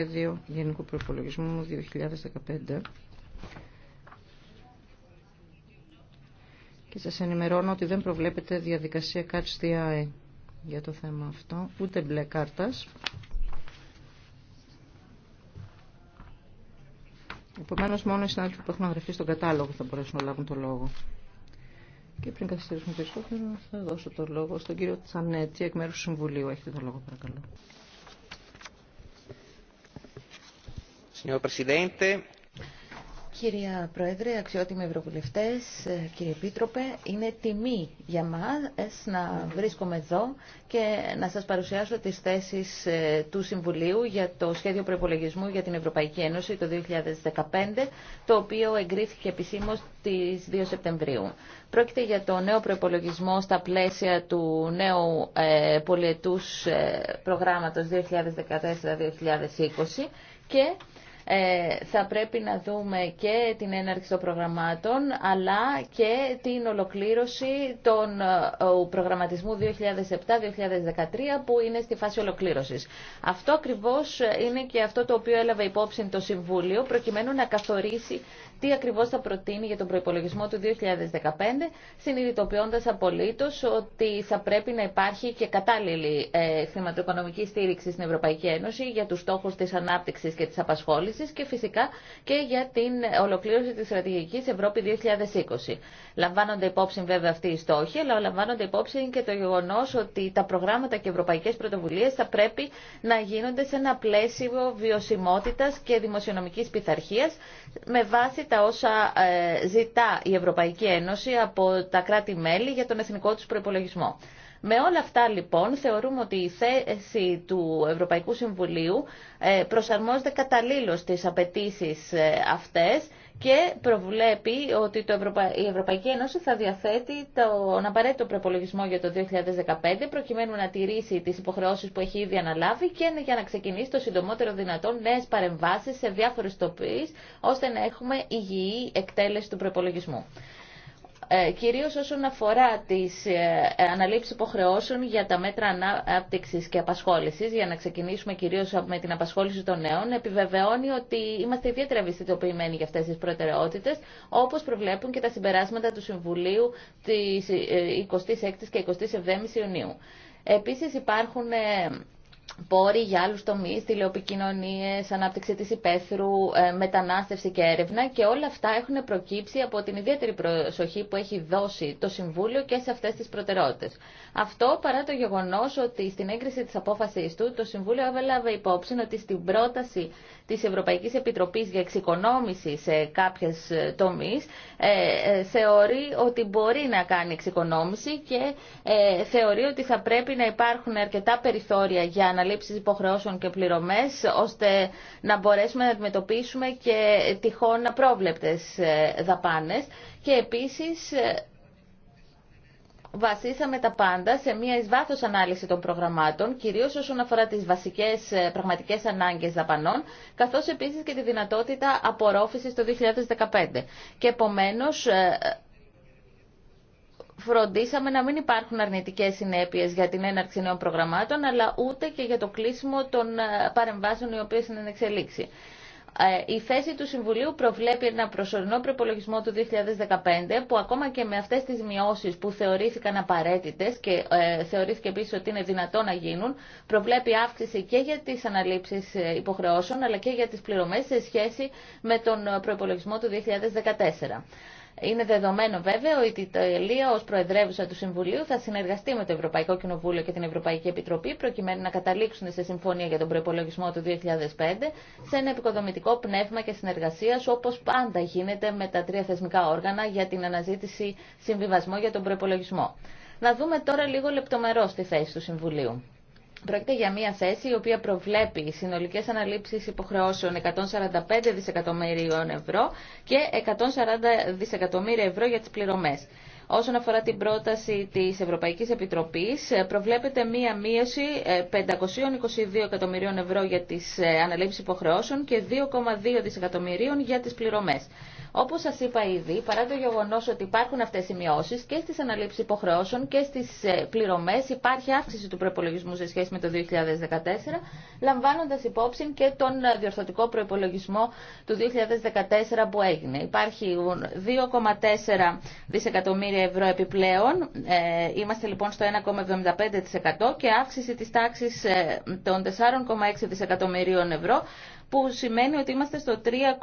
σχέδιο Γενικού Προπολογισμού 2015 και σας ενημερώνω ότι δεν προβλέπεται διαδικασία Catch the για το θέμα αυτό, ούτε μπλε κάρτας. Επομένως μόνο οι συνάδελφοι που έχουν αγραφεί στον κατάλογο θα μπορέσουν να λάβουν το λόγο. Και πριν καθυστερήσουμε περισσότερο θα δώσω το λόγο στον κύριο Τσανέτσι εκ μέρους του Συμβουλίου. Έχετε το λόγο παρακαλώ. Κυρία Πρόεδρε, αξιότιμοι Ευρωβουλευτές, κύριε Επίτροπε, είναι τιμή για μας να βρίσκομαι εδώ και να σας παρουσιάσω τις θέσεις ε, του Συμβουλίου για το σχέδιο προπολογισμού για την Ευρωπαϊκή Ένωση το 2015, το οποίο εγκρίθηκε επισήμως τις 2 Σεπτεμβρίου. Πρόκειται για το νέο προπολογισμό στα πλαίσια του νέου ε, πολιετούς ε, προγράμματος 2014-2020 και ε, θα πρέπει να δούμε και την έναρξη των προγραμμάτων αλλά και την ολοκλήρωση των ε, προγραμματισμού 2007-2013 που είναι στη φάση ολοκλήρωσης. Αυτό ακριβώς ε, είναι και αυτό το οποίο έλαβε υπόψη το Συμβούλιο προκειμένου να καθορίσει τι ακριβώ θα προτείνει για τον προπολογισμό του 2015, συνειδητοποιώντα απολύτω ότι θα πρέπει να υπάρχει και κατάλληλη ε, χρηματοοικονομική στήριξη στην Ευρωπαϊκή Ένωση για του στόχου τη ανάπτυξη και τη απασχόληση και φυσικά και για την ολοκλήρωση τη στρατηγική Ευρώπη 2020. Λαμβάνονται υπόψη βέβαια αυτοί οι στόχοι, αλλά λαμβάνονται υπόψη και το γεγονό ότι τα προγράμματα και ευρωπαϊκές Πρωτοβουλίε θα πρέπει να γίνονται σε ένα πλαίσιο βιωσιμότητα και δημοσιονομική πειθαρχία με βάση όσα ε, ζητά η Ευρωπαϊκή Ένωση από τα κράτη-μέλη για τον εθνικό τους προϋπολογισμό. Με όλα αυτά λοιπόν θεωρούμε ότι η θέση του Ευρωπαϊκού Συμβουλίου ε, προσαρμόζεται καταλήλως στις απαιτήσει ε, αυτές και προβλέπει ότι το Ευρωπα... η Ευρωπαϊκή Ένωση θα διαθέτει τον απαραίτητο προπολογισμό για το 2015 προκειμένου να τηρήσει τις υποχρεώσεις που έχει ήδη αναλάβει και για να ξεκινήσει το συντομότερο δυνατόν νέες παρεμβάσεις σε διάφορες τοπίες ώστε να έχουμε υγιή εκτέλεση του προπολογισμού. Ε, κυρίως όσον αφορά τις ε, ε, αναλήψεις υποχρεώσεων για τα μέτρα ανάπτυξης και απασχόλησης, για να ξεκινήσουμε κυρίως με την απασχόληση των νέων, επιβεβαιώνει ότι είμαστε ιδιαίτερα ευαισθητοποιημένοι για αυτές τις προτεραιότητες, όπως προβλέπουν και τα συμπεράσματα του Συμβουλίου της 26ης και 27ης Ιουνίου. Επίσης υπάρχουν πόροι για άλλους τομείς, τηλεοπικοινωνίες, ανάπτυξη της υπαίθρου, ε, μετανάστευση και έρευνα και όλα αυτά έχουν προκύψει από την ιδιαίτερη προσοχή που έχει δώσει το Συμβούλιο και σε αυτές τις προτεραιότητες. Αυτό παρά το γεγονός ότι στην έγκριση της απόφασης του το Συμβούλιο έβαλε υπόψη ότι στην πρόταση της Ευρωπαϊκής Επιτροπής για εξοικονόμηση σε κάποιες ε, τομείς ε, θεωρεί ότι μπορεί να κάνει εξοικονόμηση και θεωρεί ότι θα πρέπει να υπάρχουν αρκετά περιθώρια για αναλήψεις υποχρεώσεων και πληρωμές, ώστε να μπορέσουμε να αντιμετωπίσουμε και τυχόν απρόβλεπτες ε, δαπάνες. Και επίσης ε, βασίσαμε τα πάντα σε μια εισβάθος ανάλυση των προγραμμάτων, κυρίως όσον αφορά τις βασικές ε, πραγματικές ανάγκες δαπανών, καθώς επίσης και τη δυνατότητα απορρόφησης το 2015. Και επομένως φροντίσαμε να μην υπάρχουν αρνητικές συνέπειες για την έναρξη νέων προγραμμάτων, αλλά ούτε και για το κλείσιμο των ε, παρεμβάσεων οι οποίες είναι εξελίξη. Ε, η θέση του Συμβουλίου προβλέπει ένα προσωρινό προπολογισμό του 2015 που ακόμα και με αυτές τις μειώσεις που θεωρήθηκαν απαραίτητες και ε, θεωρήθηκε επίσης ότι είναι δυνατό να γίνουν προβλέπει αύξηση και για τις αναλήψεις υποχρεώσεων αλλά και για τις πληρωμές σε σχέση με τον προπολογισμό του 2014. Είναι δεδομένο βέβαια ότι το Ιταλία ως Προεδρεύουσα του Συμβουλίου θα συνεργαστεί με το Ευρωπαϊκό Κοινοβούλιο και την Ευρωπαϊκή Επιτροπή προκειμένου να καταλήξουν σε συμφωνία για τον προπολογισμό του 2005 σε ένα επικοδομητικό πνεύμα και συνεργασία όπως πάντα γίνεται με τα τρία θεσμικά όργανα για την αναζήτηση συμβιβασμού για τον προπολογισμό. Να δούμε τώρα λίγο λεπτομερώς τη θέση του Συμβουλίου. Πρόκειται για μια θέση η οποία προβλέπει συνολικές αναλήψεις υποχρεώσεων 145 δισεκατομμυρίων ευρώ και 140 δισεκατομμύρια ευρώ για τις πληρωμές. Όσον αφορά την πρόταση της Ευρωπαϊκής Επιτροπής, προβλέπεται μία μείωση 522 ε, εκατομμυρίων ευρώ για τις ε, αναλήψεις υποχρεώσεων και 2,2 δισεκατομμυρίων για τις πληρωμές. Όπως σα είπα ήδη, παρά το γεγονό ότι υπάρχουν αυτές οι μειώσεις και στις αναλήψεις υποχρεώσεων και στις ε, πληρωμές υπάρχει αύξηση του προπολογισμού σε σχέση με το 2014, λαμβάνοντας υπόψη και τον ε, διορθωτικό προπολογισμό του 2014 που έγινε. Υπάρχει 2,4 δισεκατομμύρια ευρώ επιπλέον, ε, είμαστε λοιπόν στο 1,75% και αύξηση τη τάξη των 4,6 δισεκατομμυρίων ευρώ που σημαίνει ότι είμαστε στο 3,32% ε,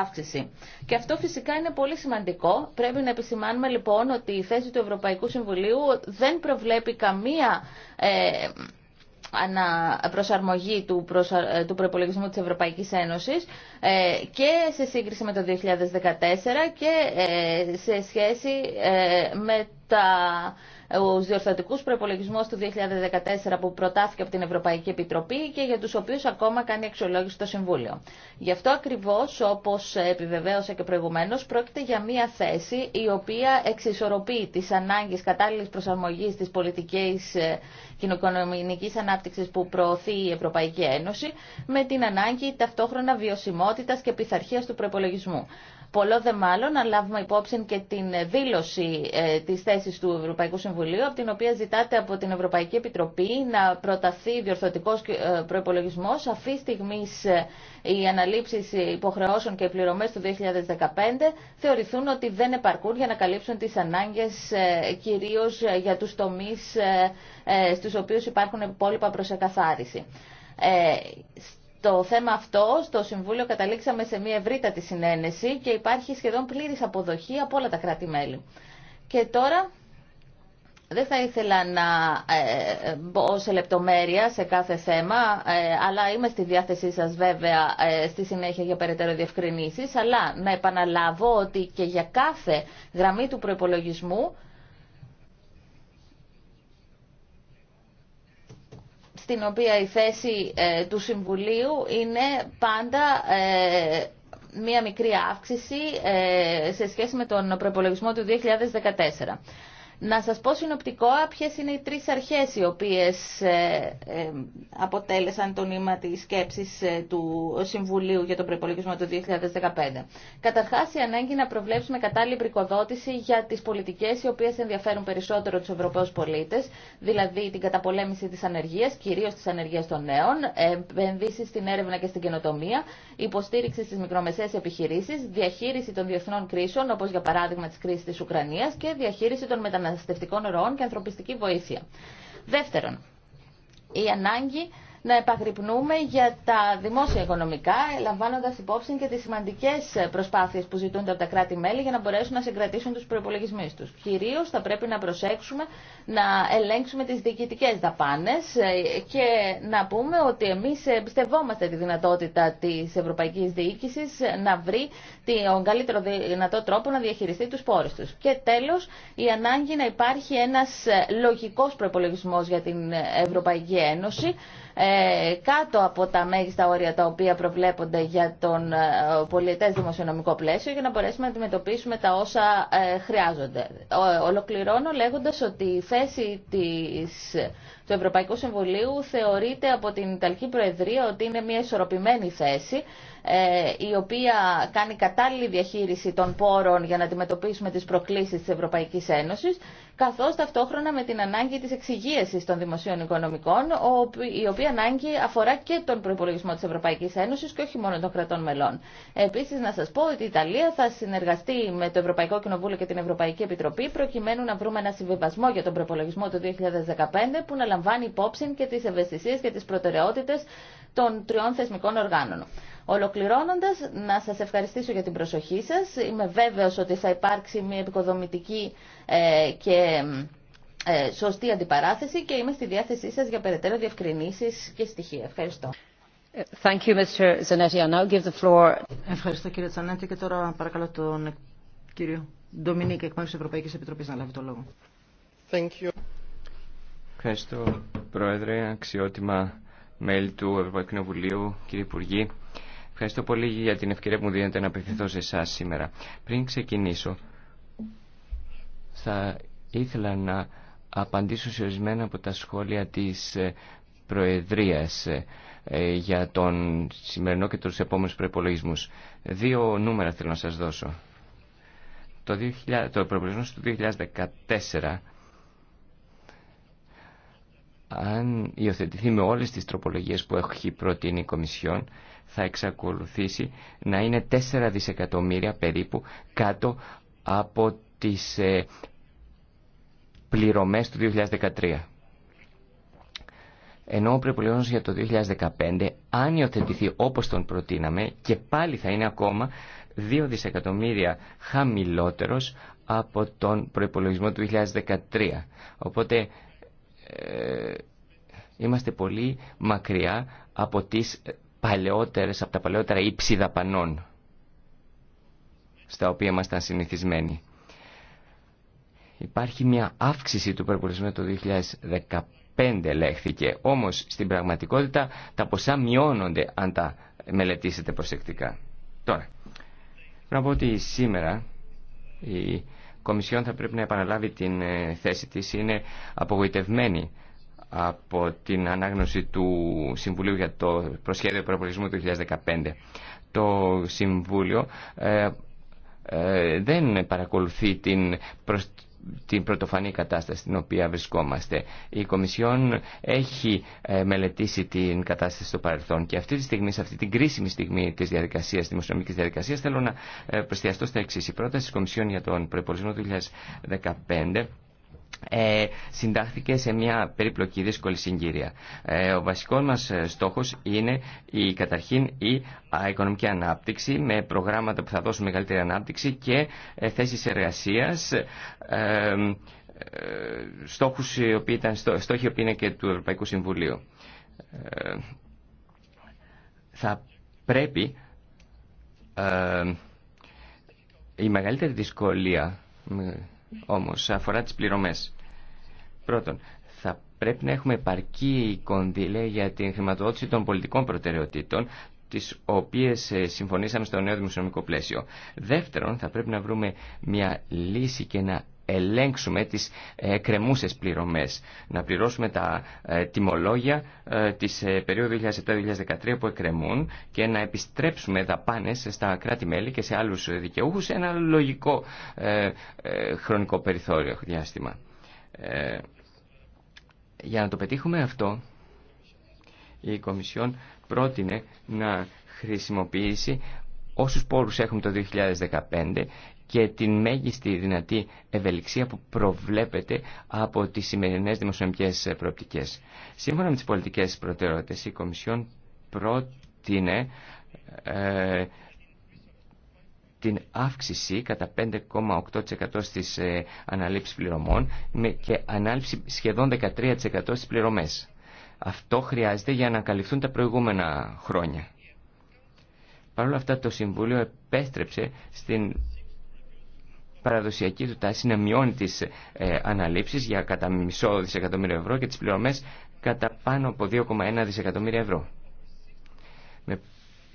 αύξηση. Και αυτό φυσικά είναι πολύ σημαντικό. Πρέπει να επισημάνουμε λοιπόν ότι η θέση του Ευρωπαϊκού Συμβουλίου δεν προβλέπει καμία ε, προσαρμογή του, ε, του προπολογισμού της Ευρωπαϊκής Ένωσης ε, και σε σύγκριση με το 2014 και σε σχέση με τα ο διορθωτικούς προπολογισμό του 2014 που προτάθηκε από την Ευρωπαϊκή Επιτροπή και για τους οποίους ακόμα κάνει αξιολόγηση το Συμβούλιο. Γι' αυτό ακριβώς, όπως επιβεβαίωσα και προηγουμένως, πρόκειται για μια θέση η οποία εξισορροπεί τις ανάγκες κατάλληλη προσαρμογής τη πολιτική ε, κοινοοικονομική ανάπτυξη που προωθεί η Ευρωπαϊκή Ένωση με την ανάγκη ταυτόχρονα βιωσιμότητα και πειθαρχία του προπολογισμού. Πολλό δε μάλλον να λάβουμε υπόψη και την δήλωση ε, της θέσης του Ευρωπαϊκού Συμβουλίου, από την οποία ζητάτε από την Ευρωπαϊκή Επιτροπή να προταθεί διορθωτικός ε, προϋπολογισμός, αφή στιγμή ε, οι αναλήψεις υποχρεώσεων και οι πληρωμές του 2015 θεωρηθούν ότι δεν επαρκούν για να καλύψουν τις ανάγκες ε, κυρίως για τους τομείς στους οποίους υπάρχουν υπόλοιπα προς εκαθάριση το θέμα αυτό στο Συμβούλιο καταλήξαμε σε μια ευρύτατη συνένεση και υπάρχει σχεδόν πλήρης αποδοχή από όλα τα κράτη-μέλη. Και τώρα δεν θα ήθελα να ε, μπω σε λεπτομέρεια σε κάθε θέμα, ε, αλλά είμαι στη διάθεσή σας βέβαια ε, στη συνέχεια για περαιτέρω διευκρινήσεις, αλλά να επαναλάβω ότι και για κάθε γραμμή του προϋπολογισμού την οποία η θέση ε, του Συμβουλίου είναι πάντα ε, μία μικρή αύξηση ε, σε σχέση με τον προπολογισμό του 2014. Να σας πω συνοπτικό ποιες είναι οι τρεις αρχές οι οποίες ε, ε, αποτέλεσαν το νήμα της σκέψης ε, του Συμβουλίου για το προπολογισμό του 2015. Καταρχάς, η ανάγκη να προβλέψουμε κατάλληλη πρικοδότηση για τις πολιτικές οι οποίες ενδιαφέρουν περισσότερο τους Ευρωπαίους πολίτες, δηλαδή την καταπολέμηση της ανεργίας, κυρίως της ανεργίας των νέων, επενδύσει στην έρευνα και στην καινοτομία, υποστήριξη στις μικρομεσαίες επιχειρήσεις, διαχείριση των διεθνών κρίσεων, όπως για παράδειγμα της κρίσης της Ουκρανίας και διαχείριση των μεταναστευτικών ροών και ανθρωπιστική βοήθεια. Δεύτερον, η ανάγκη να επαγρυπνούμε για τα δημόσια οικονομικά, λαμβάνοντα υπόψη και τι σημαντικέ προσπάθειε που ζητούνται από τα κράτη-μέλη για να μπορέσουν να συγκρατήσουν του προπολογισμού του. Κυρίω θα πρέπει να προσέξουμε να ελέγξουμε τι διοικητικέ δαπάνε ε, και να πούμε ότι εμεί εμπιστευόμαστε τη δυνατότητα τη Ευρωπαϊκή Διοίκηση να βρει τον καλύτερο δυνατό τρόπο να διαχειριστεί του πόρου του. Και τέλο, η ανάγκη να υπάρχει ένα λογικό προπολογισμό για την Ευρωπαϊκή Ένωση ε, κάτω από τα μέγιστα όρια τα οποία προβλέπονται για τον ε, πολιτέ δημοσιονομικό πλαίσιο για να μπορέσουμε να αντιμετωπίσουμε τα όσα ε, χρειάζονται. Ολοκληρώνω λέγοντας ότι η θέση της του Ευρωπαϊκού Συμβουλίου θεωρείται από την Ιταλική Προεδρία ότι είναι μια ισορροπημένη θέση ε, η οποία κάνει κατάλληλη διαχείριση των πόρων για να αντιμετωπίσουμε τις προκλήσεις της Ευρωπαϊκής Ένωσης, καθώς ταυτόχρονα με την ανάγκη της εξυγίασης των δημοσίων οικονομικών, η οποία ανάγκη αφορά και τον προπολογισμό της Ευρωπαϊκής Ένωσης και όχι μόνο των κρατών μελών. Επίσης, να σας πω ότι η Ιταλία θα συνεργαστεί με το Ευρωπαϊκό Κοινοβούλιο και την Ευρωπαϊκή Επιτροπή, προκειμένου να βρούμε ένα συμβιβασμό για τον προπολογισμό του 2015, που να λαμβάνει υπόψη και τις ευαισθησίες και τις προτεραιότητες των τριών θεσμικών οργάνων. Ολοκληρώνοντας, να σας ευχαριστήσω για την προσοχή σας. Είμαι βέβαιος ότι θα υπάρξει μια επικοδομητική ε, και ε, σωστή αντιπαράθεση και είμαι στη διάθεσή σας για περαιτέρω διευκρινήσεις και στοιχεία. Ευχαριστώ. Thank you, Mr. Zanetti. I'll now give the floor. Ευχαριστώ κύριε Τσανέτη και τώρα παρακαλώ τον κύριο Ντομινίκη εκ μέρους της Ευρωπαϊκής Επιτροπής να λάβει το λόγο. Thank you. Ευχαριστώ Πρόεδρε, αξιότιμα μέλη του Ευρωπαϊκού Κοινοβουλίου, κύριε Υπουργή. Ευχαριστώ πολύ για την ευκαιρία που μου δίνετε να απευθυνθώ σε εσά σήμερα. Πριν ξεκινήσω, θα ήθελα να απαντήσω σε ορισμένα από τα σχόλια της ε, Προεδρίας ε, ε, για τον σημερινό και τους επόμενους προπολογισμού. Δύο νούμερα θέλω να σας δώσω. Το, το προπολογισμό του 2014 αν υιοθετηθεί με όλες τις τροπολογίες που έχει προτείνει η Κομισιόν, θα εξακολουθήσει να είναι 4 δισεκατομμύρια περίπου κάτω από τις ε, πληρωμές του 2013. Ενώ ο προπολογισμό για το 2015, αν υιοθετηθεί όπως τον προτείναμε, και πάλι θα είναι ακόμα 2 δισεκατομμύρια χαμηλότερος από τον προϋπολογισμό του 2013. Οπότε ε, είμαστε πολύ μακριά από τις παλαιότερες, από τα παλαιότερα ύψη δαπανών στα οποία ήμασταν συνηθισμένοι. Υπάρχει μια αύξηση του προπολογισμού το 2015 λέχθηκε, όμως στην πραγματικότητα τα ποσά μειώνονται αν τα μελετήσετε προσεκτικά. Τώρα, πρέπει να πω ότι σήμερα η Κομισιόν θα πρέπει να επαναλάβει την ε, θέση της, είναι απογοητευμένη από την ανάγνωση του Συμβουλίου για το προσχέδιο Προπολισμού του 2015. Το Συμβούλιο ε, ε, δεν παρακολουθεί την, την πρωτοφανή κατάσταση στην οποία βρισκόμαστε. Η Κομισιόν έχει ε, μελετήσει την κατάσταση στο παρελθόν και αυτή τη στιγμή, σε αυτή την κρίσιμη στιγμή της διαδικασίας, της δημοσιονομικής διαδικασίας, θέλω να προστιαστώ στα εξής. Η πρόταση της Κομισιόν για τον Προπολισμό του 2015 ε, συντάχθηκε σε μια περίπλοκη δύσκολη συγκύρια. Ε, ο βασικός μας ε, στόχος είναι η, καταρχήν η οικονομική ανάπτυξη με προγράμματα που θα δώσουν μεγαλύτερη ανάπτυξη και ε, θέσεις εργασίας ε, στόχους στόχοι οποίοι είναι και του Ευρωπαϊκού Συμβουλίου. θα πρέπει η μεγαλύτερη δυσκολία όμως αφορά τις πληρωμές. Πρώτον, θα πρέπει να έχουμε επαρκή κονδύλια για την χρηματοδότηση των πολιτικών προτεραιοτήτων, τις οποίες ε, συμφωνήσαμε στο νέο δημοσιονομικό πλαίσιο. Δεύτερον, θα πρέπει να βρούμε μια λύση και να ελέγξουμε τις ε, κρεμούσες πληρωμές, να πληρώσουμε τα ε, τιμολόγια ε, της περίοδου 2007-2013 που εκκρεμούν και να επιστρέψουμε δαπάνες στα κράτη-μέλη και σε άλλους δικαιούχους σε ένα λογικό χρονικό περιθώριο διάστημα. Για να το πετύχουμε αυτό, η Κομισιόν πρότεινε να χρησιμοποιήσει όσους πόρους έχουμε το 2015 και την μέγιστη δυνατή ευελιξία που προβλέπεται από τις σημερινές δημοσιονομικές προοπτικές. Σύμφωνα με τις πολιτικές προτεραιότητες, η Κομισιόν πρότεινε ε, την αύξηση κατά 5,8% στις ε, αναλήψεις πληρωμών και ανάληψη σχεδόν 13% στις πληρωμές. Αυτό χρειάζεται για να καλυφθούν τα προηγούμενα χρόνια. Παρ' όλα αυτά το Συμβούλιο επέστρεψε στην παραδοσιακή του τάση να μειώνει τι ε, για κατά μισό δισεκατομμύριο ευρώ και τις πληρωμές κατά πάνω από 2,1 δισεκατομμύρια ευρώ. Με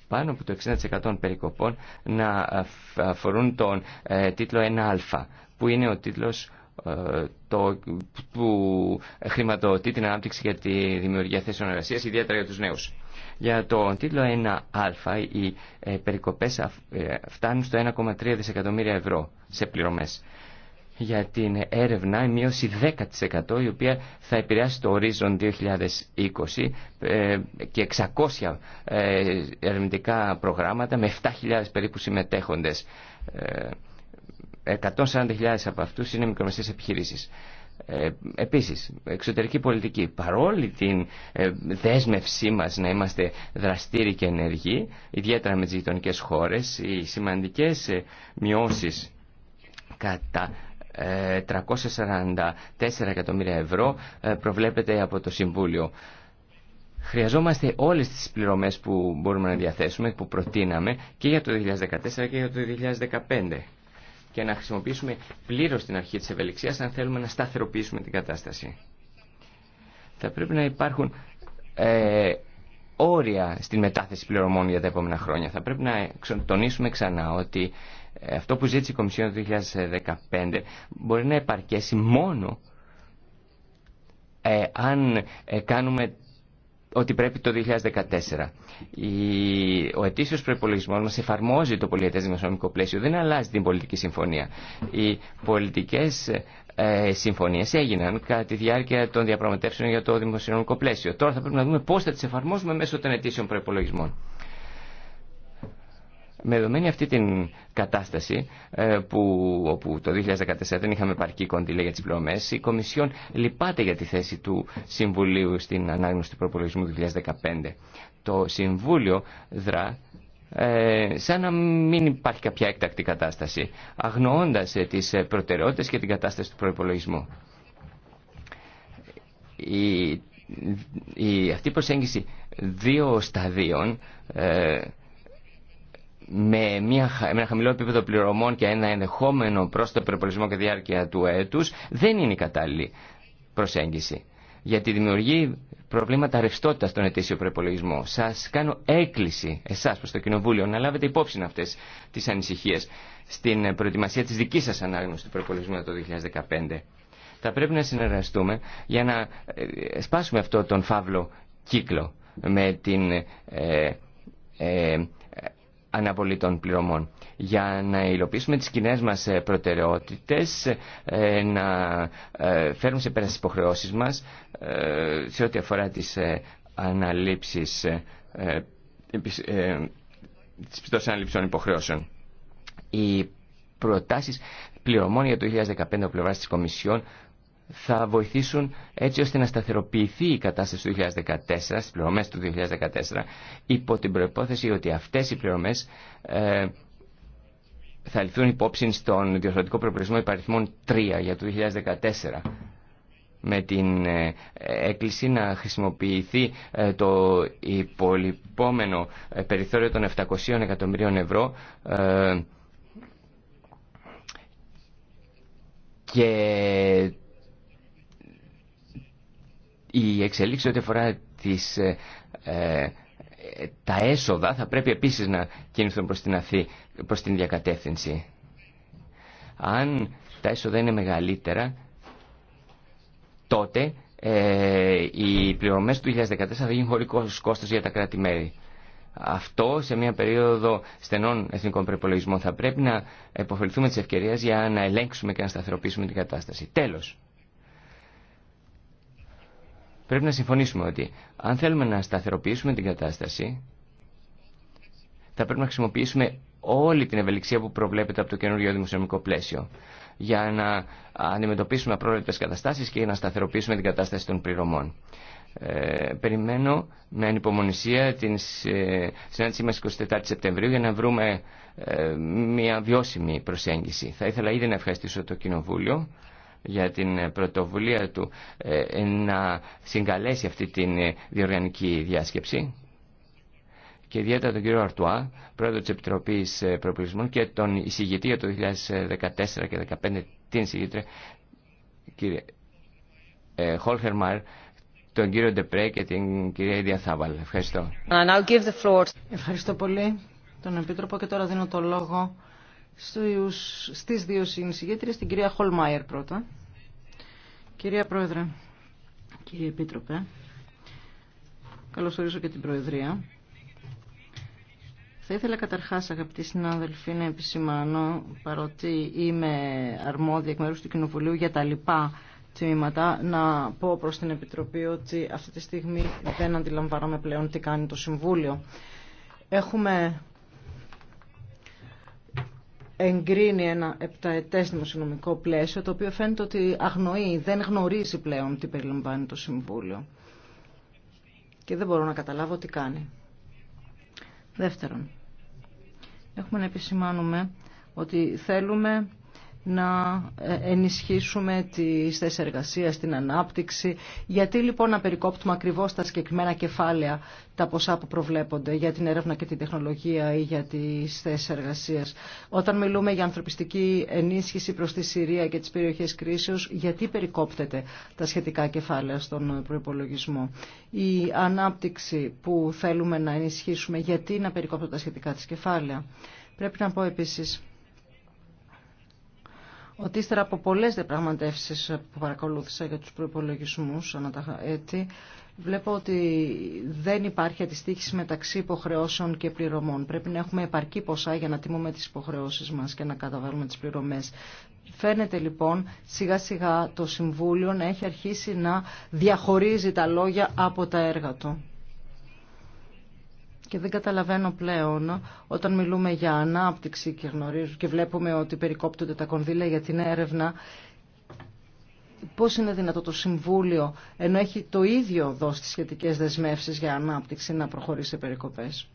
πάνω από το 60% περικοπών να ε, ε, αφορούν τον ε, τίτλο 1α, που είναι ο τίτλος το, που χρηματοδοτεί την ανάπτυξη για τη δημιουργία θέσεων εργασίας, ιδιαίτερα για του νέου. Για το τίτλο 1α οι ε, περικοπές ε, φτάνουν στο 1,3 δισεκατομμύρια ευρώ σε πληρωμές. Για την έρευνα η μείωση 10% η οποία θα επηρεάσει το ορίζον 2020 ε, και 600 ερευνητικά προγράμματα με 7.000 περίπου συμμετέχοντες. 140.000 από αυτούς είναι μικρομεσαίες επιχειρήσεις. Ε, επίσης, εξωτερική πολιτική. Παρόλη την ε, δέσμευσή μας να είμαστε δραστήριοι και ενεργοί, ιδιαίτερα με τις γειτονικέ χώρες, οι σημαντικές ε, μειώσεις κατά 344 ε, εκατομμύρια ευρώ προβλέπεται από το Συμβούλιο. Χρειαζόμαστε όλες τις πληρωμές που μπορούμε να διαθέσουμε, που προτείναμε και για το 2014 και για το 2015 και να χρησιμοποιήσουμε πλήρω την αρχή τη ευελιξία αν θέλουμε να σταθεροποιήσουμε την κατάσταση. Θα πρέπει να υπάρχουν ε, όρια στην μετάθεση πληρωμών για τα επόμενα χρόνια. Θα πρέπει να τονίσουμε ξανά ότι ε, αυτό που ζήτησε η Κομισιόν το 2015 μπορεί να επαρκέσει μόνο ε, αν κάνουμε ότι πρέπει το 2014. ο ετήσιος προπολογισμό μα εφαρμόζει το πολιετές δημοσιονομικό πλαίσιο, δεν αλλάζει την πολιτική συμφωνία. Οι πολιτικές ε, συμφωνίες έγιναν κατά τη διάρκεια των διαπραγματεύσεων για το δημοσιονομικό πλαίσιο. Τώρα θα πρέπει να δούμε πώς θα τις εφαρμόζουμε μέσω των ετήσιων προπολογισμών. Με δεδομένη αυτή την κατάσταση ε, που, όπου το 2014 δεν είχαμε παρκή κοντιλέ για τις πληρωμές, η Κομισιόν λυπάται για τη θέση του Συμβουλίου στην ανάγνωση του προπολογισμού 2015. Το Συμβούλιο δρά ε, σαν να μην υπάρχει κάποια έκτακτη κατάσταση, αγνοώντας ε, τις προτεραιότητες και την κατάσταση του προπολογισμού. Η, αυτή η προσέγγιση δύο σταδίων ε, με, μια, ένα χαμηλό επίπεδο πληρωμών και ένα ενδεχόμενο πρόσθετο προπολογισμό και διάρκεια του έτους δεν είναι η κατάλληλη προσέγγιση. Γιατί δημιουργεί προβλήματα ρευστότητα στον ετήσιο προπολογισμό. Σα κάνω έκκληση, εσά προ το Κοινοβούλιο, να λάβετε υπόψη αυτέ τι ανησυχίε στην προετοιμασία τη δική σα ανάγνωση του προπολογισμού το 2015. Θα πρέπει να συνεργαστούμε για να ε, σπάσουμε αυτό τον φαύλο κύκλο με την ε, ε αναβολή των πληρωμών. Για να υλοποιήσουμε τις κοινέ μας ε, προτεραιότητες, ε, να ε, φέρουμε σε πέρα τις υποχρεώσεις μας σε ό,τι αφορά τις αναλήψεις τις πιστώσης αναλήψεων υποχρεώσεων. Οι προτάσεις πληρωμών για το 2015 από πλευράς της Κομισιόν θα βοηθήσουν έτσι ώστε να σταθεροποιηθεί η κατάσταση του 2014, στις πληρωμές του 2014, υπό την προϋπόθεση ότι αυτές οι πληρωμές ε, θα ληφθούν υπόψη στον διορθωτικό προπολογισμό υπαριθμών 3 για το 2014 με την ε, έκκληση να χρησιμοποιηθεί ε, το υπολοιπόμενο ε, περιθώριο των 700 εκατομμυρίων ευρώ και η εξελίξη ό,τι αφορά τις, ε, ε, τα έσοδα θα πρέπει επίσης να κινηθούν προς την, αθή, προς την διακατεύθυνση. Αν τα έσοδα είναι μεγαλύτερα, τότε ε, οι πληρωμές του 2014 θα γίνουν χωρικός κόστος για τα κράτη-μέρη. Αυτό σε μια περίοδο στενών εθνικών προπολογισμών θα πρέπει να υποφελθούμε τη ευκαιρία για να ελέγξουμε και να σταθεροποιήσουμε την κατάσταση. Τέλος πρέπει να συμφωνήσουμε ότι αν θέλουμε να σταθεροποιήσουμε την κατάσταση, θα πρέπει να χρησιμοποιήσουμε όλη την ευελιξία που προβλέπεται από το καινούριο δημοσιονομικό πλαίσιο για να αντιμετωπίσουμε απρόβλεπτες καταστάσεις και για να σταθεροποιήσουμε την κατάσταση των πληρωμών. Ε, περιμένω με ανυπομονησία την ε, συνάντησή μας 24 Σεπτεμβρίου για να βρούμε ε, μια βιώσιμη προσέγγιση. Θα ήθελα ήδη να ευχαριστήσω το Κοινοβούλιο για την ε, πρωτοβουλία του ε, ε, να συγκαλέσει αυτή την διοργανική διάσκεψη και ιδιαίτερα τον κύριο Αρτουά, πρόεδρο της Επιτροπή Προπολισμών και τον εισηγητή για το 2014 και 2015, την εισηγήτρια, κύριε ε, Χόλχερμαρ, τον κύριο Ντεπρέ και την κυρία Ίδια Θάβαλ. Ευχαριστώ. Ευχαριστώ πολύ τον Επίτροπο και τώρα δίνω το λόγο στους, στις δύο συνεισηγήτρες, την κυρία Χολμάιερ πρώτα. Κυρία Πρόεδρε, κύριε Επίτροπε, καλωσορίζω και την Προεδρία. Θα ήθελα καταρχάς αγαπητοί συνάδελφοι να επισημάνω παρότι είμαι αρμόδια εκ μέρους του Κοινοβουλίου για τα λοιπά τμήματα να πω προς την Επιτροπή ότι αυτή τη στιγμή δεν αντιλαμβάνομαι πλέον τι κάνει το Συμβούλιο. Έχουμε εγκρίνει ένα επταετές δημοσιονομικό πλαίσιο το οποίο φαίνεται ότι αγνοεί, δεν γνωρίζει πλέον τι περιλαμβάνει το Συμβούλιο. Και δεν μπορώ να καταλάβω τι κάνει. Δεύτερον, έχουμε να επισημάνουμε ότι θέλουμε να ε, ενισχύσουμε τις θέσεις εργασίας, την ανάπτυξη. Γιατί λοιπόν να περικόπτουμε ακριβώς τα συγκεκριμένα κεφάλαια, τα ποσά που προβλέπονται για την έρευνα και την τεχνολογία ή για τις θέσεις εργασίας. Όταν μιλούμε για ανθρωπιστική ενίσχυση προς τη Συρία και τις περιοχές κρίσεως, γιατί περικόπτεται τα σχετικά κεφάλαια στον προπολογισμό. Η ανάπτυξη που θέλουμε να ενισχύσουμε, γιατί να περικόπτονται τα σχετικά τη κεφάλαια. Πρέπει να πω επίσης ότι ύστερα από πολλέ διαπραγματεύσει που παρακολούθησα για του προπολογισμού, ανά τα έτη, βλέπω ότι δεν υπάρχει αντιστοίχηση μεταξύ υποχρεώσεων και πληρωμών. Πρέπει να έχουμε επαρκή ποσά για να τιμούμε τι υποχρεώσει μα και να καταβάλουμε τι πληρωμές. Φαίνεται λοιπόν σιγά σιγά το Συμβούλιο να έχει αρχίσει να διαχωρίζει τα λόγια από τα έργα του και δεν καταλαβαίνω πλέον όταν μιλούμε για ανάπτυξη και γνωρίζουμε και βλέπουμε ότι περικόπτονται τα κονδύλια για την έρευνα πώς είναι δυνατό το Συμβούλιο ενώ έχει το ίδιο δώσει τις σχετικές δεσμεύσεις για ανάπτυξη να προχωρήσει σε περικοπές.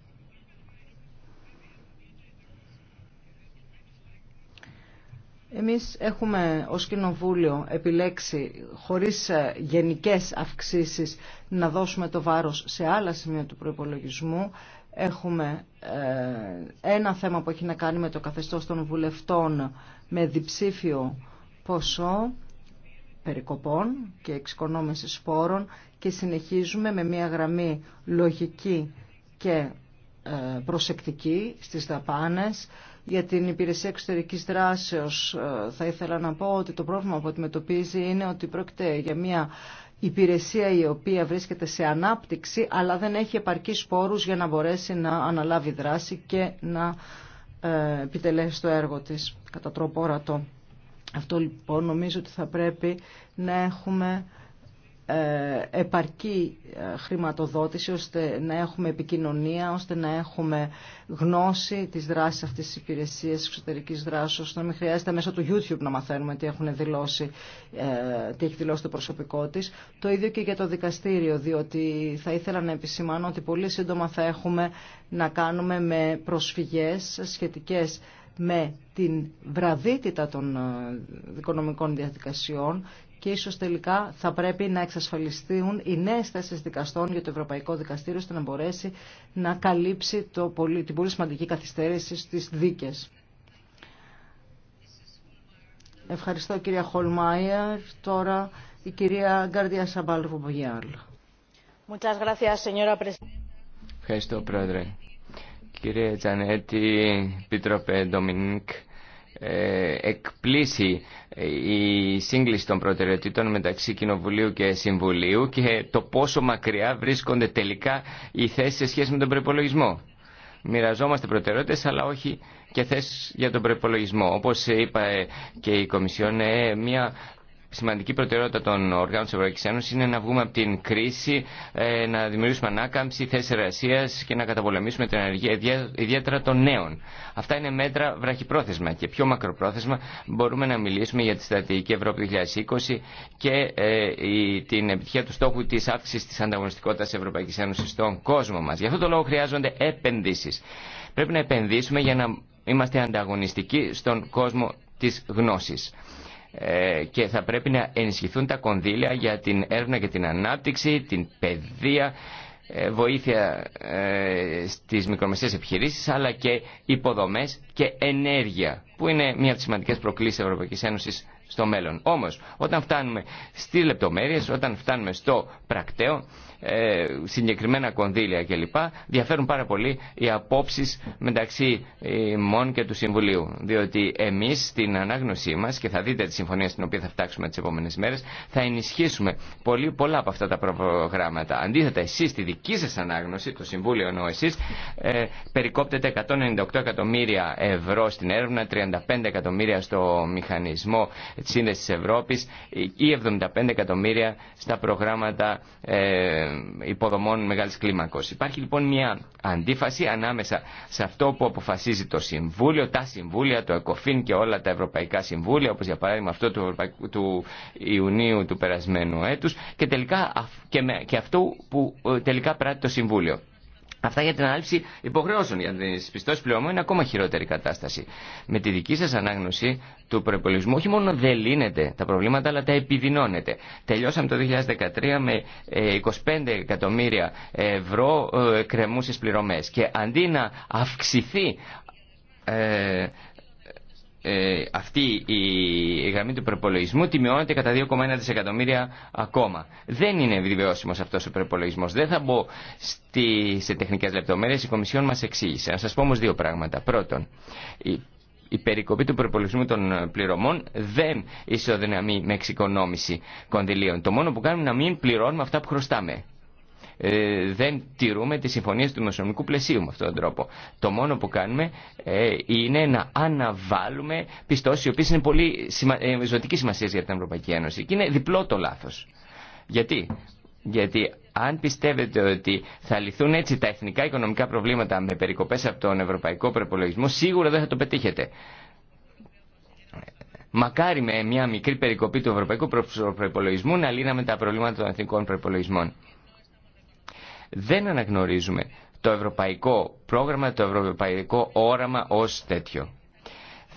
Εμείς έχουμε ως Κοινοβούλιο επιλέξει χωρίς ε, γενικές αυξήσεις να δώσουμε το βάρος σε άλλα σημεία του προϋπολογισμού. Έχουμε ε, ένα θέμα που έχει να κάνει με το καθεστώς των βουλευτών με διψήφιο ποσό περικοπών και εξοικονόμηση σπόρων και συνεχίζουμε με μια γραμμή λογική και ε, προσεκτική στις δαπάνες για την υπηρεσία εξωτερικής δράσεως ε, θα ήθελα να πω ότι το πρόβλημα που αντιμετωπίζει είναι ότι πρόκειται για μια υπηρεσία η οποία βρίσκεται σε ανάπτυξη αλλά δεν έχει επαρκείς πόρους για να μπορέσει να αναλάβει δράση και να ε, επιτελέσει το έργο της κατά τρόπο ορατό. Αυτό λοιπόν νομίζω ότι θα πρέπει να έχουμε ε, επαρκή ε, χρηματοδότηση ώστε να έχουμε επικοινωνία, ώστε να έχουμε γνώση της δράσης αυτής της υπηρεσίας εξωτερικής δράσης, ώστε να μην χρειάζεται μέσω του YouTube να μαθαίνουμε τι, έχουν δηλώσει, ε, τι έχει δηλώσει το προσωπικό της. Το ίδιο και για το δικαστήριο, διότι θα ήθελα να επισημάνω ότι πολύ σύντομα θα έχουμε να κάνουμε με προσφυγές σχετικές με την βραδύτητα των οικονομικών διαδικασιών και ίσως τελικά θα πρέπει να εξασφαλιστούν οι νέες θέσεις δικαστών για το Ευρωπαϊκό Δικαστήριο ώστε να μπορέσει να καλύψει το την πολύ σημαντική καθυστέρηση στις δίκες. Ευχαριστώ κυρία Χολμάιερ. Τώρα η κυρία Γκάρδια Σαμπάλ Μπογιάλ. Ευχαριστώ πρόεδρε. Κύριε Τζανέτη, πίτροπε Ντομινίκ, ε, εκπλήσει ε, η σύγκληση των προτεραιοτήτων μεταξύ Κοινοβουλίου και Συμβουλίου και το πόσο μακριά βρίσκονται τελικά οι θέσεις σε σχέση με τον προπολογισμό. Μοιραζόμαστε προτεραιότητες αλλά όχι και θέσεις για τον προπολογισμό. Όπως είπα ε, και η Κομισιόν, μια σημαντική προτεραιότητα των οργάνων τη Ευρωπαϊκή Ένωση είναι να βγούμε από την κρίση, ε, να δημιουργήσουμε ανάκαμψη, θέσει εργασία και να καταπολεμήσουμε την ανεργία, ιδιαίτερα των νέων. Αυτά είναι μέτρα βραχυπρόθεσμα και πιο μακροπρόθεσμα μπορούμε να μιλήσουμε για τη Στρατηγική Ευρώπη 2020 και ε, την επιτυχία του στόχου τη αύξηση τη ανταγωνιστικότητα τη Ευρωπαϊκής Ένωσης στον κόσμο μα. Γι' αυτό το λόγο χρειάζονται επενδύσει. Πρέπει να επενδύσουμε για να είμαστε ανταγωνιστικοί στον κόσμο της γνώσης. Ε, και θα πρέπει να ενισχυθούν τα κονδύλια για την έρευνα και την ανάπτυξη, την παιδεία, ε, βοήθεια ε, στις μικρομεσαίες επιχειρήσεις αλλά και υποδομές και ενέργεια που είναι μια από τις σημαντικές προκλήσεις Ευρωπαϊκής Ένωσης στο μέλλον. Όμως όταν φτάνουμε στις λεπτομέρειες, όταν φτάνουμε στο πρακτέο ε, συγκεκριμένα κονδύλια κλπ. Διαφέρουν πάρα πολύ οι απόψει μεταξύ ε, ημών και του Συμβουλίου. Διότι εμεί στην ανάγνωσή μα και θα δείτε τη συμφωνία στην οποία θα φτάξουμε τι επόμενε μέρε θα ενισχύσουμε πολύ, πολλά από αυτά τα προγράμματα. Αντίθετα, εσεί στη δική σα ανάγνωση, το Συμβούλιο εννοώ εσείς, ε, περικόπτεται 198 εκατομμύρια ευρώ στην έρευνα, 35 εκατομμύρια στο μηχανισμό της Ευρώπη ε, ή 75 εκατομμύρια στα προγράμματα ε, ε, υποδομών μεγάλης κλίμακος. Υπάρχει λοιπόν μια αντίφαση ανάμεσα σε αυτό που αποφασίζει το Συμβούλιο, τα Συμβούλια, το ΕΚΟΦΗΝ και όλα τα Ευρωπαϊκά Συμβούλια, όπως για παράδειγμα αυτό του, του Ιουνίου του περασμένου έτους και, τελικά, και, και αυτό που ε, τελικά πράττει το Συμβούλιο. Αυτά για την ανάληψη υποχρεώσεων. Για τι πιστώσει πληρωμών είναι ακόμα χειρότερη κατάσταση. Με τη δική σα ανάγνωση του προπολογισμού, όχι μόνο δεν λύνεται τα προβλήματα, αλλά τα επιδεινώνεται. Τελειώσαμε το 2013 με 25 ε, εκατομμύρια ευρώ ε, κρεμούσε πληρωμέ. Και αντί να αυξηθεί ε, ε, αυτή η γραμμή του προπολογισμού τιμιώνεται κατά 2,1 δισεκατομμύρια ακόμα. Δεν είναι επιβεβαιώσιμο αυτό ο προπολογισμό. Δεν θα μπω στη, σε τεχνικέ λεπτομέρειε. Η Κομισιόν μα εξήγησε. Να σα πω όμω δύο πράγματα. Πρώτον, η, η περικοπή του προπολογισμού των πληρωμών δεν ισοδυναμεί με εξοικονόμηση κονδυλίων. Το μόνο που κάνουμε είναι να μην πληρώνουμε αυτά που χρωστάμε. Ε, δεν τηρούμε τις συμφωνίες του δημοσιονομικού πλαισίου με αυτόν τον τρόπο. Το μόνο που κάνουμε ε, είναι να αναβάλουμε πιστώσεις οι οποίες είναι πολύ σημα... Ε, ζωτική σημασία για την Ευρωπαϊκή Ένωση και είναι διπλό το λάθος. Γιατί, γιατί αν πιστεύετε ότι θα λυθούν έτσι τα εθνικά οικονομικά προβλήματα με περικοπές από τον ευρωπαϊκό προπολογισμό, σίγουρα δεν θα το πετύχετε. Μακάρι με μια μικρή περικοπή του ευρωπαϊκού προπολογισμού να λύναμε τα προβλήματα των εθνικών προπολογισμών δεν αναγνωρίζουμε το ευρωπαϊκό πρόγραμμα, το ευρωπαϊκό όραμα ως τέτοιο.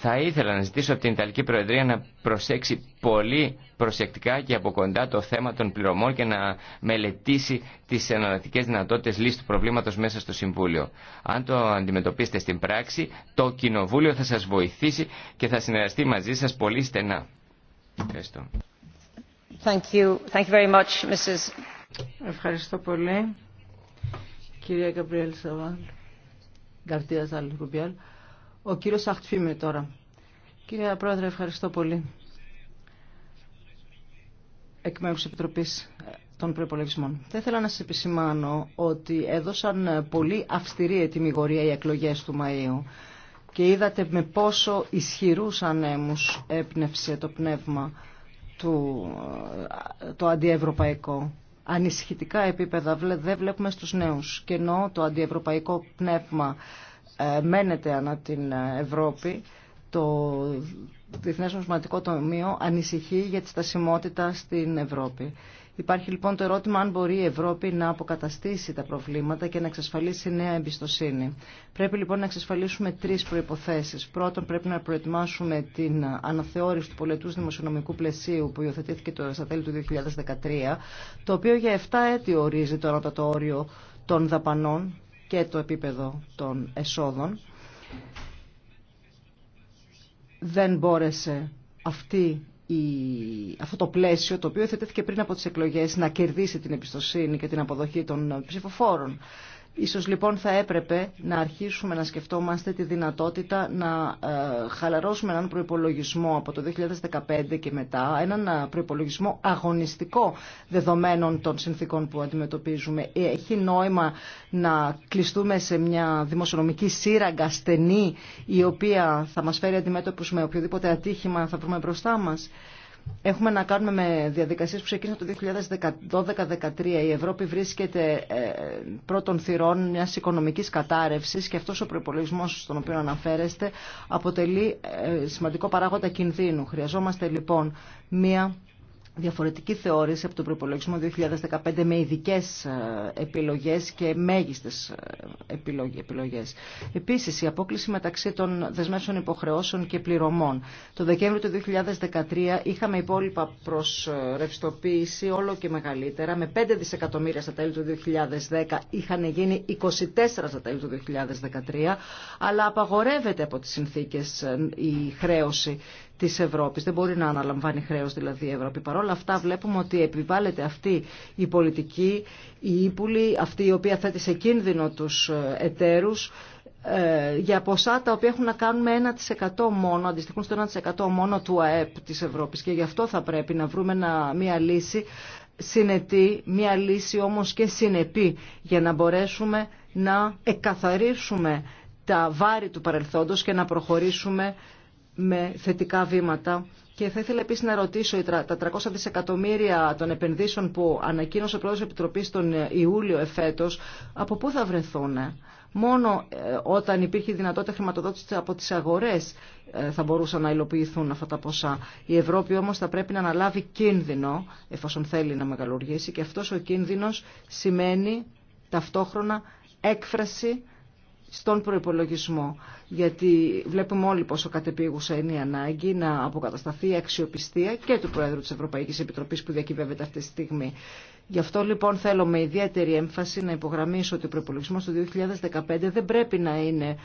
Θα ήθελα να ζητήσω από την Ιταλική Προεδρία να προσέξει πολύ προσεκτικά και από κοντά το θέμα των πληρωμών και να μελετήσει τις εναλλακτικές δυνατότητες λύσης του προβλήματος μέσα στο Συμβούλιο. Αν το αντιμετωπίσετε στην πράξη, το Κοινοβούλιο θα σας βοηθήσει και θα συνεργαστεί μαζί σας πολύ στενά. Ευχαριστώ. Thank you. Ευχαριστώ πολύ κυρία Γκαμπριέλ Σαβάλ. Γκαρτία Ο κύριος Αχτφίμε τώρα. Κυρία Πρόεδρε, ευχαριστώ πολύ. Εκ μέρους Επιτροπή ε, των Προπολογισμών. Θα ήθελα να σα επισημάνω ότι έδωσαν πολύ αυστηρή ετοιμιγορία οι εκλογές του Μαΐου και είδατε με πόσο ισχυρούς ανέμους έπνευσε το πνεύμα του, ε, το αντιευρωπαϊκό ανησυχητικά επίπεδα δεν βλέπουμε στους νέους και ενώ το αντιευρωπαϊκό πνεύμα ε, μένεται ανά την ε, Ευρώπη το Διεθνές Νομισματικό Τομείο ανησυχεί για τη στασιμότητα στην Ευρώπη. Υπάρχει λοιπόν το ερώτημα αν μπορεί η Ευρώπη να αποκαταστήσει τα προβλήματα και να εξασφαλίσει νέα εμπιστοσύνη. Πρέπει λοιπόν να εξασφαλίσουμε τρει προποθέσει. Πρώτον, πρέπει να προετοιμάσουμε την αναθεώρηση του πολιτού δημοσιονομικού πλαισίου που υιοθετήθηκε το στα τέλη του 2013, το οποίο για 7 έτη ορίζει το ανώτατο όριο των δαπανών και το επίπεδο των εσόδων. Δεν μπόρεσε αυτή αυτό το πλαίσιο το οποίο θετέθηκε πριν από τις εκλογές να κερδίσει την εμπιστοσύνη και την αποδοχή των ψηφοφόρων. Ίσως λοιπόν θα έπρεπε να αρχίσουμε να σκεφτόμαστε τη δυνατότητα να ε, χαλαρώσουμε έναν προϋπολογισμό από το 2015 και μετά, έναν ε, προϋπολογισμό αγωνιστικό δεδομένων των συνθήκων που αντιμετωπίζουμε. Ε, έχει νόημα να κλειστούμε σε μια δημοσιονομική σύραγγα στενή η οποία θα μας φέρει αντιμέτωπους με οποιοδήποτε ατύχημα θα βρούμε μπροστά μας. Έχουμε να κάνουμε με διαδικασίες που ξεκίνησαν το 2012-2013. Η Ευρώπη βρίσκεται ε, πρώτων θυρών μιας οικονομικής κατάρρευσης και αυτός ο προπολογισμό στον οποίο αναφέρεστε αποτελεί ε, σημαντικό παράγοντα κινδύνου. Χρειαζόμαστε λοιπόν μια διαφορετική θεώρηση από τον προπολογισμό 2015 με ειδικέ ε, επιλογές και μέγιστες ε, επιλογές. Επίση, η απόκληση μεταξύ των δεσμεύσεων υποχρεώσεων και πληρωμών. Το Δεκέμβριο του 2013 είχαμε υπόλοιπα προς ρευστοποίηση όλο και μεγαλύτερα. Με 5 δισεκατομμύρια στα τέλη του 2010 είχαν γίνει 24 στα τέλη του 2013, αλλά απαγορεύεται από τι συνθήκε ε, η χρέωση τη Ευρώπη. Δεν μπορεί να αναλαμβάνει χρέο δηλαδή η Ευρώπη. Παρ' όλα αυτά βλέπουμε ότι επιβάλλεται αυτή η πολιτική, η ύπουλη, αυτή η οποία θέτει σε κίνδυνο του ε, εταίρου ε, για ποσά τα οποία έχουν να κάνουν με 1% μόνο, αντιστοιχούν στο 1% μόνο του ΑΕΠ της Ευρώπης και γι' αυτό θα πρέπει να βρούμε μια λύση συνετή, μια λύση όμως και συνεπή για να μπορέσουμε να εκαθαρίσουμε τα βάρη του παρελθόντος και να προχωρήσουμε με θετικά βήματα. Και θα ήθελα επίσης να ρωτήσω τα 300 δισεκατομμύρια των επενδύσεων που ανακοίνωσε ο Πρόεδρος Επιτροπή τον ε, Ιούλιο εφέτος, από πού θα βρεθούν. Μόνο ε, όταν υπήρχε δυνατότητα χρηματοδότηση από τις αγορές ε, θα μπορούσαν να υλοποιηθούν αυτά τα ποσά. Η Ευρώπη όμως θα πρέπει να αναλάβει κίνδυνο εφόσον θέλει να μεγαλουργήσει και αυτό ο κίνδυνο σημαίνει ταυτόχρονα έκφραση στον προϋπολογισμό. Γιατί βλέπουμε όλοι πόσο κατεπίγουσα είναι η ανάγκη να αποκατασταθεί η αξιοπιστία και του Πρόεδρου της Ευρωπαϊκής Επιτροπής που διακυβεύεται αυτή τη στιγμή. Γι' αυτό λοιπόν θέλω με ιδιαίτερη έμφαση να υπογραμμίσω ότι ο προπολογισμό του 2015 δεν πρέπει να είναι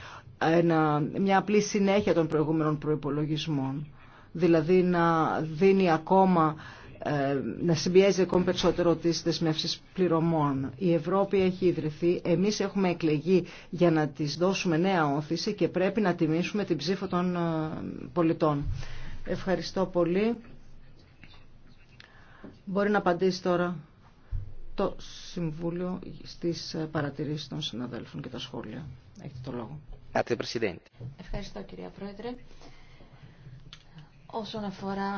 μια απλή συνέχεια των προηγούμενων προπολογισμών. Δηλαδή να δίνει ακόμα ε, να συμπιέζει ακόμη περισσότερο τις δεσμεύσεις πληρωμών. Η Ευρώπη έχει ιδρυθεί, εμείς έχουμε εκλεγεί για να της δώσουμε νέα όθηση και πρέπει να τιμήσουμε την ψήφο των ε, πολιτών. Ευχαριστώ πολύ. Μπορεί να απαντήσει τώρα το Συμβούλιο στις ε, παρατηρήσεις των συναδέλφων και τα σχόλια. Έχετε το λόγο. Ευχαριστώ κυρία Πρόεδρε. Όσον αφορά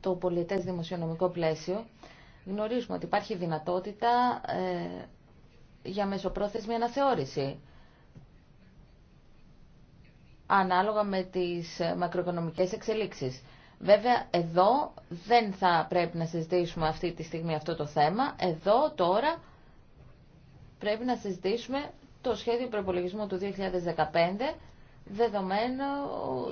το πολιτές δημοσιονομικό πλαίσιο, γνωρίζουμε ότι υπάρχει δυνατότητα ε, για μεσοπρόθεσμη αναθεώρηση ανάλογα με τις ε, μακροοικονομικές εξελίξεις. Βέβαια, εδώ δεν θα πρέπει να συζητήσουμε αυτή τη στιγμή αυτό το θέμα. Εδώ τώρα πρέπει να συζητήσουμε το σχέδιο προπολογισμού του 2015 δεδομένου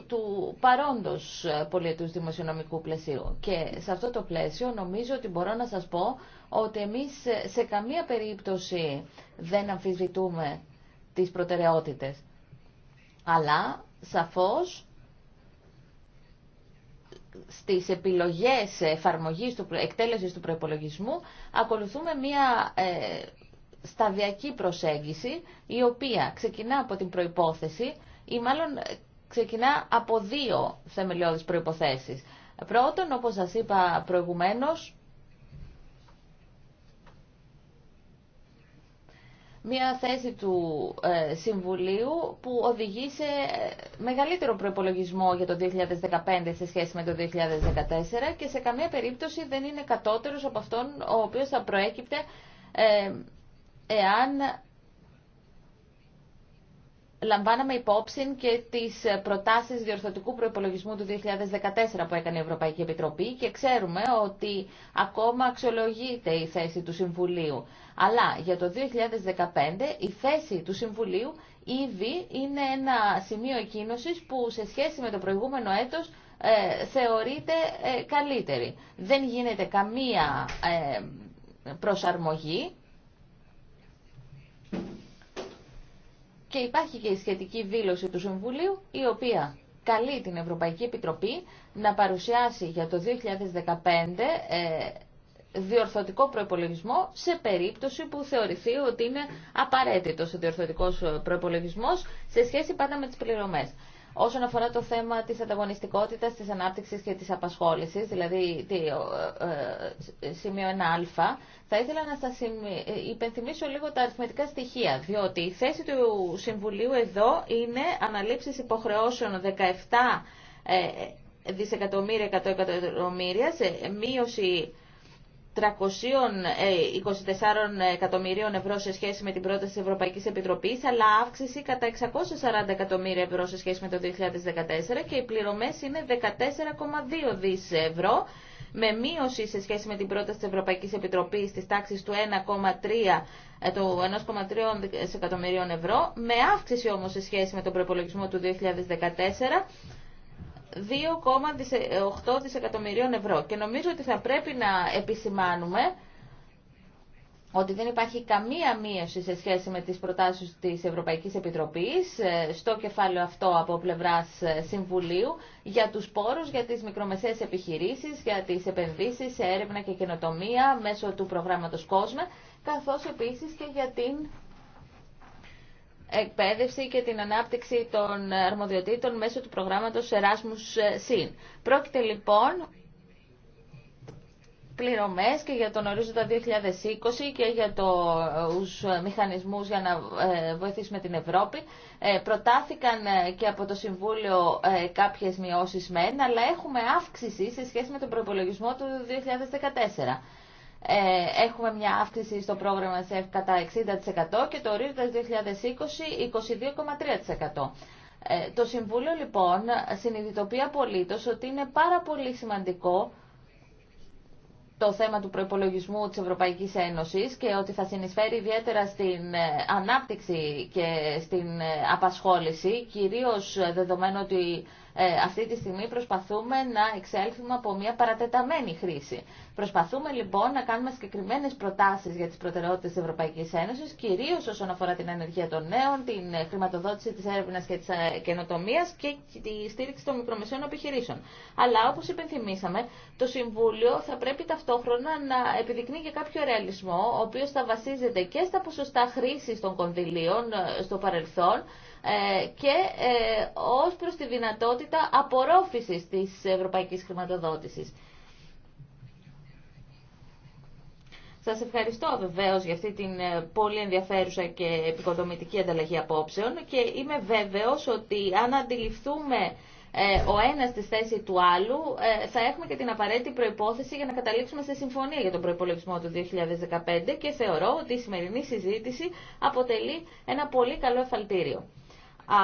του παρόντος πολιετούς δημοσιονομικού πλαισίου. Και σε αυτό το πλαίσιο νομίζω ότι μπορώ να σας πω ότι εμείς σε καμία περίπτωση δεν αμφισβητούμε τις προτεραιότητες. Αλλά σαφώς στις επιλογές εφαρμογής του, εκτέλεσης του προϋπολογισμού ακολουθούμε μία ε, σταδιακή προσέγγιση η οποία ξεκινά από την προϋπόθεση ή μάλλον ε, ξεκινά από δύο θεμελιώδεις προϋποθέσεις. Πρώτον, όπως σας είπα προηγουμένως, μια θέση του ε, Συμβουλίου που οδηγεί σε ε, μεγαλύτερο προϋπολογισμό για το 2015 σε σχέση με το 2014 και σε καμία περίπτωση δεν είναι κατώτερος από αυτόν ο οποίος θα προέκυπτε εάν λαμβάναμε υπόψη και τις προτάσεις διορθωτικού προϋπολογισμού του 2014 που έκανε η Ευρωπαϊκή Επιτροπή και ξέρουμε ότι ακόμα αξιολογείται η θέση του Συμβουλίου. Αλλά για το 2015 η θέση του Συμβουλίου ήδη είναι ένα σημείο εκκίνωσης που σε σχέση με το προηγούμενο έτος ε, θεωρείται ε, καλύτερη. Δεν γίνεται καμία ε, προσαρμογή Και υπάρχει και η σχετική δήλωση του Συμβουλίου, η οποία καλεί την Ευρωπαϊκή Επιτροπή να παρουσιάσει για το 2015 ε, διορθωτικό προπολογισμό σε περίπτωση που θεωρηθεί ότι είναι απαραίτητος ο διορθωτικός ε, προπολογισμό σε σχέση πάντα με τις πληρωμές όσον αφορά το θέμα της ανταγωνιστικότητας, τη ανάπτυξη και τη απασχόλησης, δηλαδή τη, ε, ε, σημείο 1α, θα ήθελα να σα ε, υπενθυμίσω λίγο τα αριθμητικά στοιχεία, διότι η θέση του Συμβουλίου εδώ είναι αναλήψεις υποχρεώσεων 17 ε, δισεκατομμύρια, 100 εκατομμύρια, σε μείωση 324 εκατομμυρίων ευρώ σε σχέση με την πρόταση της Ευρωπαϊκής Επιτροπής, αλλά αύξηση κατά 640 εκατομμύρια ευρώ σε σχέση με το 2014 και οι πληρωμές είναι 14,2 δις ευρώ, με μείωση σε σχέση με την πρόταση της Ευρωπαϊκής Επιτροπής της τάξης του 1,3 ε, του 1,3 εκατομμυρίων ευρώ, με αύξηση όμως σε σχέση με τον προπολογισμό του 2014 2,8 δισεκατομμυρίων ευρώ. Και νομίζω ότι θα πρέπει να επισημάνουμε ότι δεν υπάρχει καμία μείωση σε σχέση με τις προτάσεις της Ευρωπαϊκής Επιτροπής ε, στο κεφάλαιο αυτό από πλευράς ε, Συμβουλίου για τους πόρους, για τις μικρομεσαίες επιχειρήσεις, για τις επενδύσεις σε έρευνα και καινοτομία μέσω του προγράμματος COSME, καθώς επίσης και για την εκπαίδευση και την ανάπτυξη των αρμοδιοτήτων μέσω του προγράμματος Erasmus ΣΥΝ. Πρόκειται λοιπόν πληρωμές και για τον ορίζοντα 2020 και για τους μηχανισμούς για να ε, βοηθήσουμε την Ευρώπη. Ε, προτάθηκαν ε, και από το Συμβούλιο κάποιες μειώσεις μεν, αλλά έχουμε αύξηση σε σχέση με τον προπολογισμό του 2014. Ε, έχουμε μια αύξηση στο πρόγραμμα ΣΕΦ κατά 60% και το ορίζοντας 2020 22,3%. Το Συμβούλιο λοιπόν συνειδητοποιεί απολύτω ότι είναι πάρα πολύ σημαντικό το θέμα του προπολογισμού της Ευρωπαϊκής Ένωσης και ότι θα συνεισφέρει ιδιαίτερα στην ε, ανάπτυξη και στην ε, απασχόληση, κυρίως δεδομένου ότι ε, αυτή τη στιγμή προσπαθούμε να εξέλθουμε από μια παρατεταμένη χρήση. Προσπαθούμε λοιπόν να κάνουμε συγκεκριμένε προτάσει για τι προτεραιότητε τη Ευρωπαϊκή Ένωση, κυρίω όσον αφορά την ενεργεία των νέων, την ε, χρηματοδότηση τη έρευνα και τη ε, καινοτομία και τη στήριξη των μικρομεσαίων επιχειρήσεων. Αλλά όπω υπενθυμίσαμε, το Συμβούλιο θα πρέπει ταυτόχρονα να επιδεικνύει και κάποιο ρεαλισμό, ο οποίο θα βασίζεται και στα ποσοστά χρήση των κονδυλίων στο παρελθόν, ε, και ε, ως προς τη δυνατότητα απορρόφησης της ευρωπαϊκής χρηματοδότησης. Σας ευχαριστώ βεβαίως για αυτή την ε, πολύ ενδιαφέρουσα και επικοδομητική ανταλλαγή απόψεων και είμαι βέβαιος ότι αν αντιληφθούμε ο ένας στη θέση του άλλου, θα έχουμε και την απαραίτητη προϋπόθεση για να καταλήξουμε σε συμφωνία για τον προϋπολογισμό του 2015 και θεωρώ ότι η σημερινή συζήτηση αποτελεί ένα πολύ καλό εφαλτήριο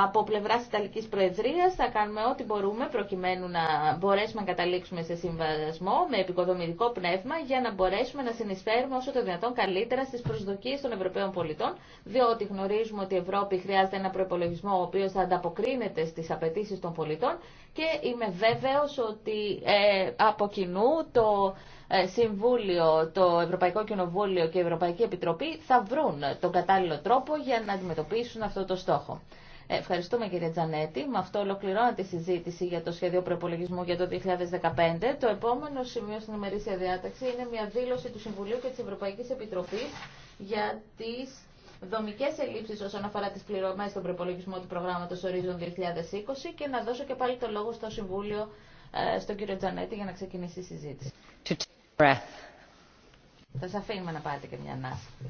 από πλευρά Ιταλική Προεδρία θα κάνουμε ό,τι μπορούμε προκειμένου να μπορέσουμε να καταλήξουμε σε συμβασμό με επικοδομητικό πνεύμα για να μπορέσουμε να συνεισφέρουμε όσο το δυνατόν καλύτερα στι προσδοκίε των Ευρωπαίων πολιτών, διότι γνωρίζουμε ότι η Ευρώπη χρειάζεται ένα προπολογισμό ο οποίο θα ανταποκρίνεται στι απαιτήσει των πολιτών και είμαι βέβαιο ότι ε, από κοινού το ε, Συμβούλιο, το Ευρωπαϊκό Κοινοβούλιο και η Ευρωπαϊκή Επιτροπή θα βρουν τον κατάλληλο τρόπο για να αντιμετωπίσουν αυτό το στόχο. Ευχαριστούμε κύριε Τζανέτη. Με αυτό ολοκληρώνω τη συζήτηση για το σχέδιο προπολογισμού για το 2015. Το επόμενο σημείο στην ημερήσια διάταξη είναι μια δήλωση του Συμβουλίου και της Ευρωπαϊκής Επιτροπής για τις δομικές ελλείψεις όσον αφορά τις πληρωμές στον προπολογισμό του προγράμματος Horizon 2020 και να δώσω και πάλι το λόγο στο Συμβούλιο ε, στον κύριο Τζανέτη για να ξεκινήσει η συζήτηση. Θα σας αφήνουμε να πάρετε και μια ανάση.